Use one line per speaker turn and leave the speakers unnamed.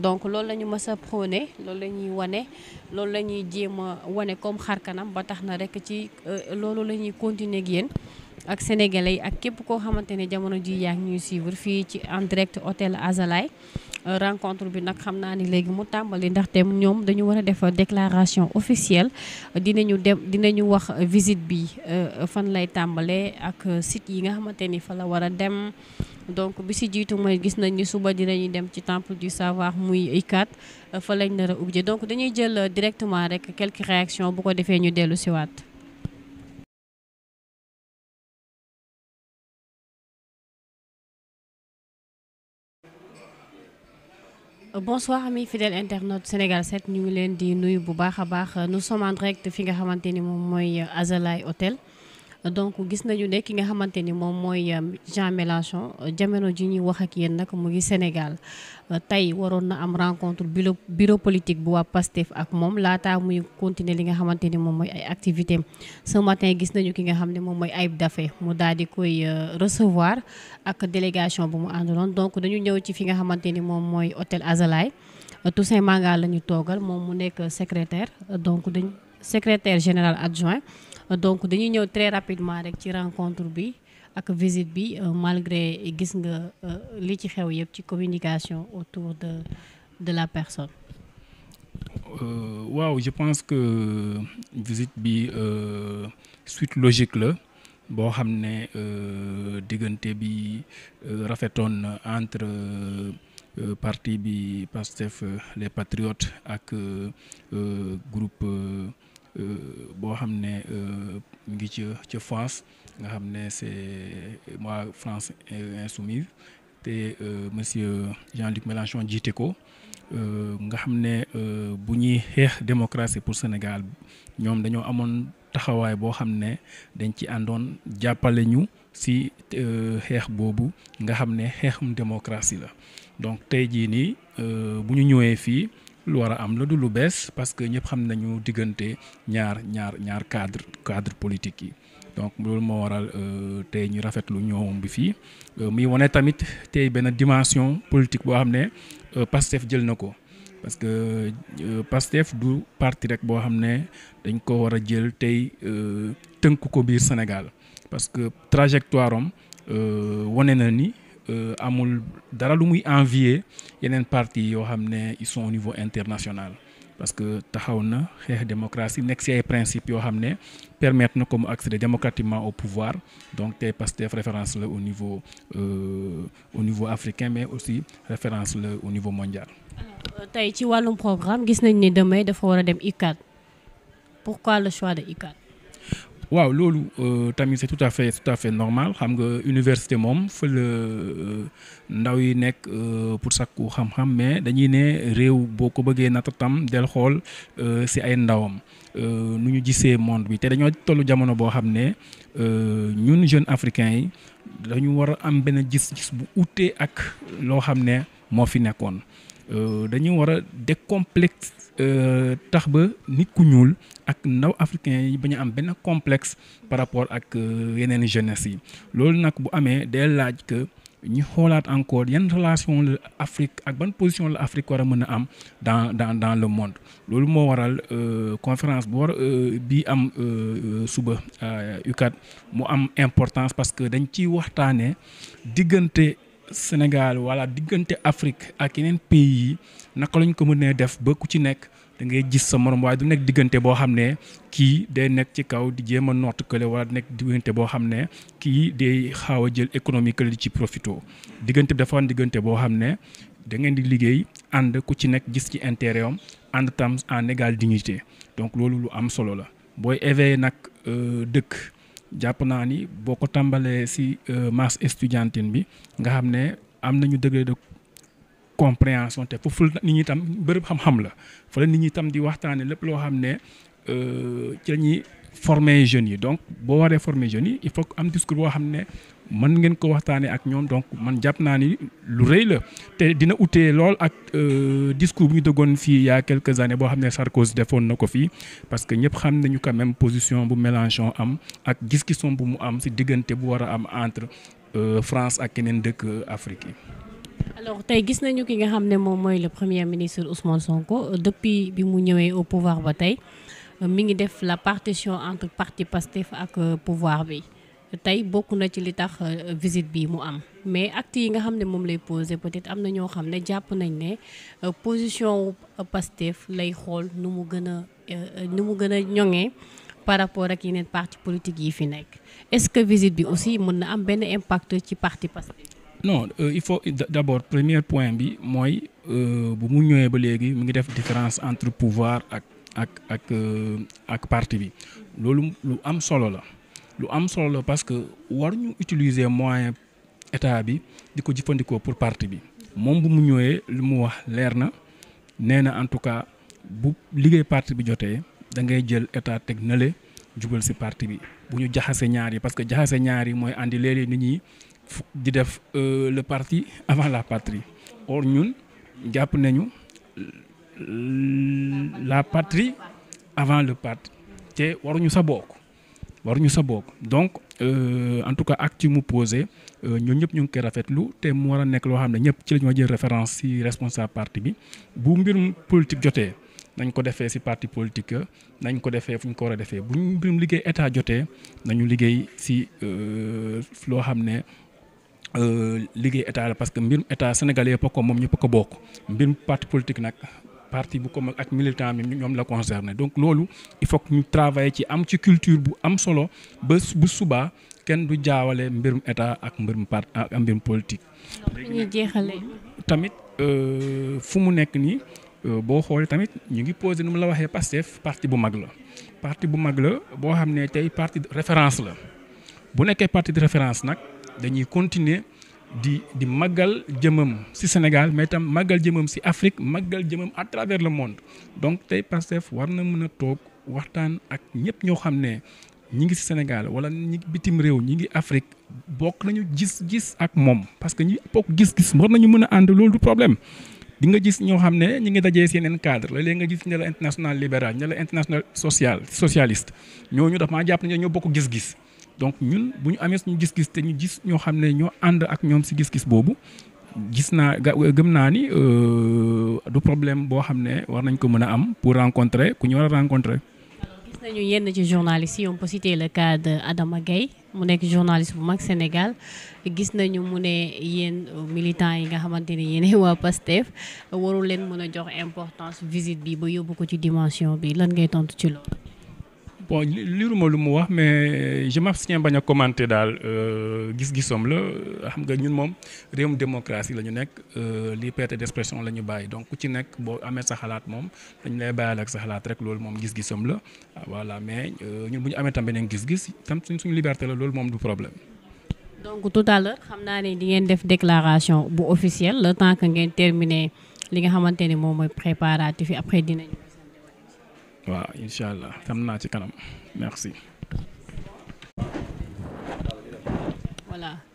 donc loolu la ñu mës a prôné loolu la ñuy wane loolu la ñuy jéem a wane comme xar kanam ba tax na rek ci euh, loolu la ñuy continuer ak ak sénégalais yi ak képp koo xamante ne jamono ji yaa ngi ñuy suivre fii ci en direct hôtel Azalaï euh, rencontre bi nag xam naa ni léegi mu tàmbali ndaxte mu ñoom dañu war a def déclaration officielle dinañu dem dina ñu wax visite bi euh, fan lay tàmbalee ak site yi nga xamante ni fa la war a dem. donc bi si jiitu mooy gis nañ ni suba dinañuy dem ci temple du savoir muy ICAT euh, fa lañ nar donc dañuy jël euh, directement rek quelques réactions bu ko defee ñu dellu si waat. Euh, bonsoir amis fidèles internautes Sénégal 7 ñu ngi leen di nuyu bu baax a baax nu sommes en fi nga xamante ni moom mooy Azalaï Hôtel. donc gis nañu ne ki nga xamante ni moom mooy euh, Jean Mélenchon euh, jamono ji ñuy wax ak yéen nag mu ngi Sénégal euh, tey waroon na am rencontre bureau bureau politique bu waa PASTEF ak moom laataa muy continuer li nga xamante ni moom mooy ay activité ce matin gis nañu ki nga xam ne moom mooy Ayib Daffé mu daal di koy recevoir ak délégation bu mu àndaloon donc dañu ñëw ci fi nga xamante ni moom mooy hôtel Azalaï Toussaint Manga la ñu toogal moom mu nekk secrétaire donc dañ secrétaire général adjoint donc dañuy ñëw très rapidement rek ci rencontre bi ak visite bi euh, malgré gis nga euh, li ci xew yëpp ci communication autour de de la personne.
Euh, waaw je pense que visite bi euh, suite logique la boo xam ne euh, diggante bi rafetoon na entre. partie bi Pastef les Patriotes ak groupe Euh, boo xam ne mu euh, ngi ca ca France nga xam ne c'est mois euh, France insoumise te monsieur Jean-Luc Mélenchon jiite ko nga xam ne bu ñuy xeex démocratie pour Sénégal ñoom dañoo amoon taxawaay boo xam ne dañ ci àndoon jàppale ñu si xeex boobu nga xam ne xeexum démocratie la donc tey jii nii bu ñu ñëwee fii. lu war a am la du lu bees parce que ñëpp xam nañu diggante ñaar ñaar ñaar cadre cadre politique yi donc loolu moo waral euh, tey ñu rafetlu ñoom bi fii euh, muy wane tamit tey benn dimension politique boo xam ne euh, Pastef jël na ko parce que Pastef du partie rek boo xam ne dañ ko war a jël tey tënk ko biir Sénégal parce que trajectoire na ni Euh, amul dara lu muy envier yeneen parti yoo xam ne ils sont au niveau international parce que taxaw na xeex démocratie nekk ci ay principes yoo xam ne permet na ko mu accéder démocratiquement au pouvoir donc tey Pastef référence la au niveau euh, au niveau africain mais aussi référence la au niveau mondial.
Euh, tey ci wàllum programme gis nañ ni demee dafa war a dem ICAD pourquoi le choix de ICAD.
waaw loolu euh, tamit c'est tout à fait tout à fait normal xam nga université moom fa la euh, ndaw yi nekk euh, pour sakku xam-xam mais dañuy ne réew boo ko bëggee natt tam del xool ci ay ndawam nu ñu gisee monde bi te dañoo tollu jamono boo xam ne ñun jeunes africains yi dañu war a am benn gis-gis bu utee ak loo xam ne moo fi nekkoon. Euh, dañu war a décomplexe euh, tax ba nit ku ñuul ak ndaw africain yi ba am benn complexe par rapport ak euh, yeneen jeunesse yi loolu nag bu amee day laaj que ñu xoolaat encore yan relation la Afrique ak ban position la Afrique war a mën a am dans dans dans le monde loolu moo waral conférence bu war bi am suba UCAD mu am importance parce que dañ ci waxtaanee diggante. Sénégal wala diggante Afrique ak yeneen pays yi naka lañ ko mën nee def ba ku ci nekk da ngay gis sa morom waaye du nekk diggante boo xam ne kii day nekk ci kaw di jéem a noot kële wala nekk diggante boo xam ne kii day xaaw a jël économie kële di ci profito diggante bi dafa am diggante boo xam ne da ngeen di liggéey ànd ku ci nekk gis ci intérêt am ànd tam en égale dignité donc loolu lu am solo la booy éveillé nag euh, dëkk. jàpp naa ni boo ko tàmbalee si euh, masse estudiantine bi nga xam ne am nañu degré de compréhension te foofu la nit ñi tam bërëb xam-xam la fa la nit ñi tam di waxtaane lépp loo xam ne euh, ci la ñuy former jeunes yi donc boo waree forme jeunes yi il faut am discours boo xam ne man ngeen ko waxtaanee ak ñoom donc man jàpp naa ni lu rëy la te dina utee lool ak euh, discours bu ñu déggoon fii il y a quelques boo xam ne Sarkozy defoon na ko fii parce que ñëpp xam nañu quand même position bu Mélenchon am ak gis bu mu am si diggante bu war a am entre euh, France ak keneen dëkk Afrique yi.
alors tey gis nañu ki nga xam ne moom mooy le premier ministre Ousmane Sonko depuis bi mu ñëwee au pouvoir ba tey euh, mi ngi def la partition entre parti Pastef ak pouvoir bi. tey bokk na ci li tax euh, visite bi mu am mais acte yi nga xam ne moom lay pose peut-être am na ñoo xam ne jàpp nañ ne euh, position wu euh, lay xool nu mu gën a nu mu gën a ñoŋee par rapport ak yeneen parti politique yi fi nekk est-ce que visite bi aussi mën na am benn impact ci parti Pastef
non il faut d'abord premier point bi mooy bu mu ñëwee ba léegi mu ngi def différence entre pouvoir ak ak ak ak parti bi loolu lu am solo la lu am solo la parce que waruñu utiliser moyen état bi di ko jëfandikoo pour parti bi moom bu mu ñëwee lu mu wax leer na nee na en tout cas bu liggéey parti bi jotee da ngay jël état teg nale jubal si parti bi bu ñu jaxasee ñaar yi parce que jaxase ñaar yi mooy andi léeg-léeg nit ñi di def euh, le parti avant la patrie or ñun jàpp nañu la patrie avant le parti te waruñu sa bokk ñu sa boobu donc euh, en tout cas ak ci mu posé euh, ñooñu ñëpp ñu ngi koy rafetlu te mu war a nekk loo xam ne ñëpp ci la ñu jël référence si responsable parti bi bu mbirum politique jotee nañ ko defee si parti politique nañ ko defee fu ñu ko war a defee bu mbirum liggéey état jotee nañu liggéey si euh, loo xam ne. liggéey état la parce que mbirum état sénégalais yëpp ko moom ñëpp ko bokk mbirum parti politique nag parti bu comme ak militant mi ñoom la concerné donc loolu il faut que ñu travailler ci am ci culture bu am solo ba bu suba kenn du jaawale mbir mu état ak mbir mu ak mbirum politique.
ñuy jeexale
tamit euh, fu mu nekk nii euh, boo xoolee tamit ñu ngi posé nu mu la waxee Pastef partie bu mag la. parti bu mag la boo xam ne tey parti de référence la bu nekkee parti de référence nag dañuy continuer. di di màggal jëmam si Sénégal mais tam màggal jëmam si Afrique màggal jëmam à travers le monde donc tey Pastef war na mën a toog waxtaan ak ñëpp ñoo xam ne ñi ngi si Sénégal wala ñi bitim réew ñi ngi Afrique bokk nañu gis-gis ak moom parce que ñi bokk gis-gis war ñu mën a ànd loolu du problème. di nga gis ñoo xam ne ñi ngi dajee si yeneen cadre la léegi nga gis ña la international libéral ña la international social socialiste ñooñu dafa maa jàpp ne ñoo bokk gis-gis. donc ñun bu ñu amee suñu gis-gis te ñu gis ñoo xam ne ñoo ànd ak ñoom si gis-gis boobu gis naa gëm naa ni euh, du problème boo xam ne war nañ ko mën a am pour rencontrer ku ñu war a rencontrer.
gis nañu yenn ci journalistes yi on peut citer le cas mu nekk journaliste bu mag Sénégal gis nañu mu ne yéen militants yi nga xamante ne yéen waa PASTEF warul leen mën a jox importance visite bi ba yóbbu ko ci dimension bi lan ngay tontu ci loolu.
bon liiruma lu mu wax mais je m'abstiens bañ a commenter daal euh, gis-gisom la xam nga ñun moom réewum démocratie la ñu nekk euh, liberté d'expression la ñu bàyyi donc ku ci nekk boo amee sa xalaat moom dañ lay bàyyal ak sa xalaat rek loolu moom gis gisoom la ah, voilà mais euh, ñun bu ñu amee tam beneen gis-gis tam suñ suñu liberté la loolu moom du problème.
donc tout à l'heure xam naa ne di ngeen def déclaration bu officielle le temps ngeen terminer li nga xamante ne moom
waaw incha allah xam naa ci kanam merci.
voilà